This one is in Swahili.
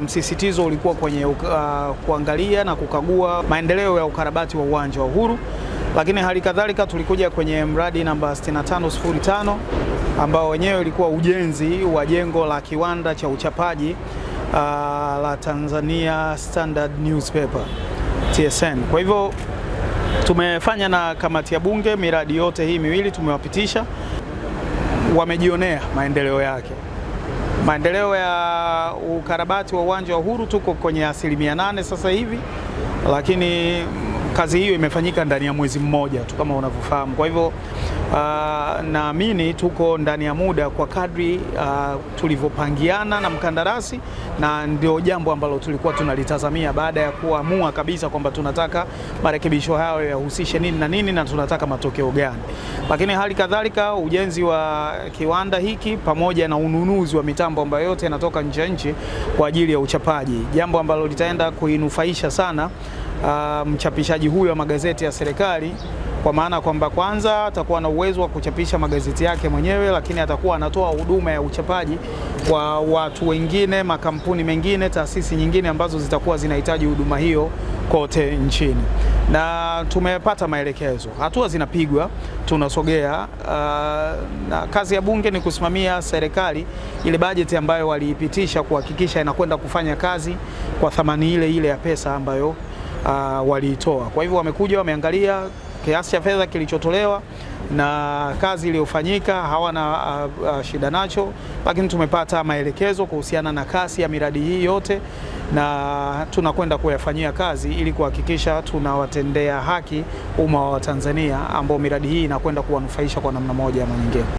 msisitizo ulikuwa kwenye uh, kuangalia na kukagua maendeleo ya ukarabati wa uwanja wa Uhuru, lakini hali kadhalika tulikuja kwenye mradi namba 6505 ambao wenyewe ulikuwa ujenzi wa jengo la kiwanda cha uchapaji uh, la Tanzania Standard Newspaper TSN. Kwa hivyo tumefanya na kamati ya Bunge, miradi yote hii miwili tumewapitisha, wamejionea maendeleo yake. Maendeleo ya ukarabati wa uwanja wa Uhuru tuko kwenye asilimia nane sasa hivi, lakini kazi hiyo imefanyika ndani ya mwezi mmoja tu kama unavyofahamu. Kwa hivyo uh, naamini tuko ndani ya muda kwa kadri uh, tulivyopangiana na mkandarasi, na ndio jambo ambalo tulikuwa tunalitazamia baada ya kuamua kabisa kwamba tunataka marekebisho hayo yahusishe nini na nini na tunataka matokeo gani. Lakini hali kadhalika ujenzi wa kiwanda hiki pamoja na ununuzi wa mitambo ambayo yote yanatoka nje ya nchi kwa ajili ya uchapaji, jambo ambalo litaenda kuinufaisha sana Ah, mchapishaji um, huyo wa magazeti ya serikali kwa maana kwamba kwanza atakuwa na uwezo wa kuchapisha magazeti yake mwenyewe, lakini atakuwa anatoa huduma ya uchapaji kwa watu wengine, makampuni mengine, taasisi nyingine ambazo zitakuwa zinahitaji huduma hiyo kote nchini. Na tumepata maelekezo, hatua zinapigwa, tunasogea. Uh, na kazi ya Bunge ni kusimamia serikali ile bajeti ambayo waliipitisha, kuhakikisha inakwenda kufanya kazi kwa thamani ile ile ya pesa ambayo uh, waliitoa. Kwa hivyo wamekuja wameangalia kiasi cha fedha kilichotolewa na kazi iliyofanyika, hawana uh, uh, shida nacho, lakini tumepata maelekezo kuhusiana na kasi ya miradi hii yote na tunakwenda kuyafanyia kazi ili kuhakikisha tunawatendea haki umma wa Watanzania ambao miradi hii inakwenda kuwanufaisha kwa namna moja ama nyingine.